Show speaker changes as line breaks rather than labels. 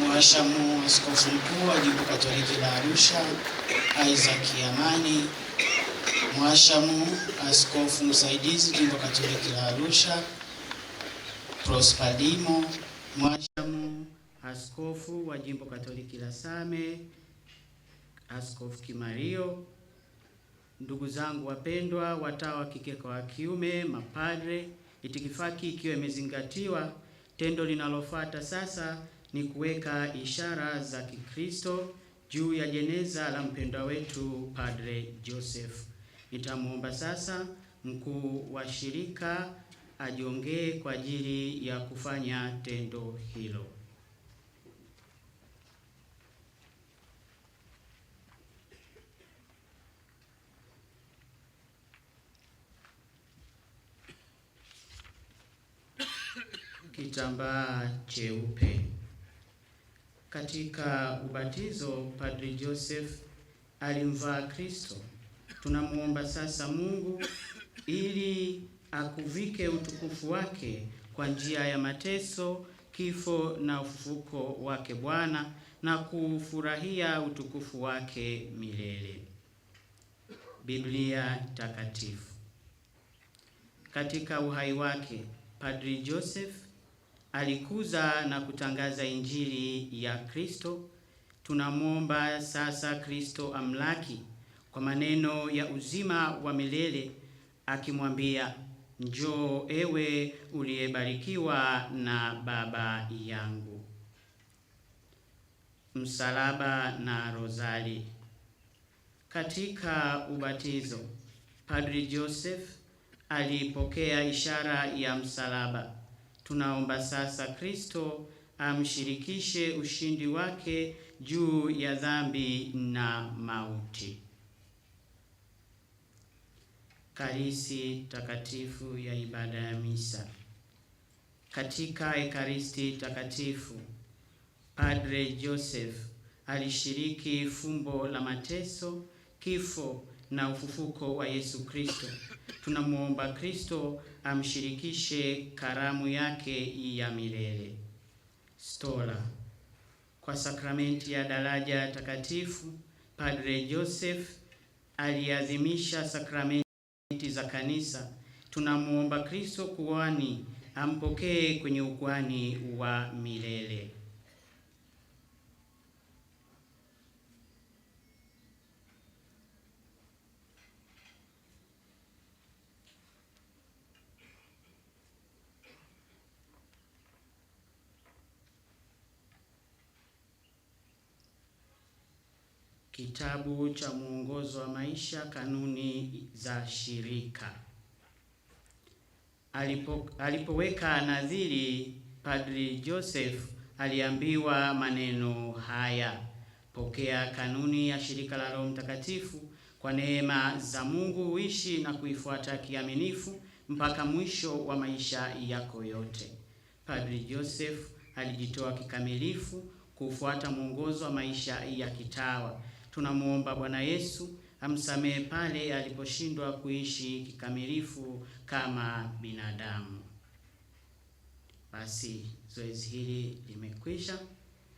Mhashamu Askofu Mkuu wa Jimbo Katoliki la Arusha Isaac Amani, Mhashamu Askofu Msaidizi Jimbo Katoliki la Arusha Prosper Dimo, Mhashamu Askofu wa Jimbo Katoliki la Same Askofu Kimario, ndugu zangu wapendwa, watawa kike kwa wa kiume, mapadre, itikifaki ikiwa imezingatiwa, tendo linalofuata sasa ni kuweka ishara za Kikristo juu ya jeneza la mpendwa wetu Padre Joseph. Nitamwomba sasa mkuu wa shirika ajiongee kwa ajili ya kufanya tendo hilo. Kitambaa cheupe katika ubatizo Padri Joseph alimvaa Kristo. Tunamwomba sasa Mungu ili akuvike utukufu wake kwa njia ya mateso, kifo na ufufuko wake Bwana, na kufurahia utukufu wake milele. Biblia Takatifu. Katika uhai wake Padri Joseph alikuza na kutangaza injili ya Kristo. Tunamwomba sasa Kristo amlaki kwa maneno ya uzima wa milele akimwambia, njoo ewe uliyebarikiwa na Baba yangu. Msalaba na rozali. Katika ubatizo Padri Joseph alipokea ishara ya msalaba Tunaomba sasa Kristo amshirikishe ushindi wake juu ya dhambi na mauti. Karisi takatifu ya ibada ya misa. Katika Ekaristi takatifu, Padre Joseph alishiriki fumbo la mateso, kifo na ufufuko wa Yesu Kristo tunamwomba Kristo amshirikishe karamu yake ya milele. Stola. Kwa sakramenti ya daraja takatifu, Padre Joseph aliadhimisha sakramenti za kanisa. Tunamwomba Kristo kuwani ampokee kwenye ukwani wa milele. Kitabu cha Mwongozo wa Maisha, Kanuni za Shirika. Alipo, alipoweka nadhiri, Padri Joseph aliambiwa maneno haya: pokea kanuni ya shirika la Roho Mtakatifu, kwa neema za Mungu uishi na kuifuata kiaminifu mpaka mwisho wa maisha yako yote. Padri Joseph alijitoa kikamilifu kufuata mwongozo wa maisha ya kitawa tunamwomba Bwana Yesu amsamehe pale aliposhindwa kuishi kikamilifu kama binadamu. Basi zoezi hili limekwisha.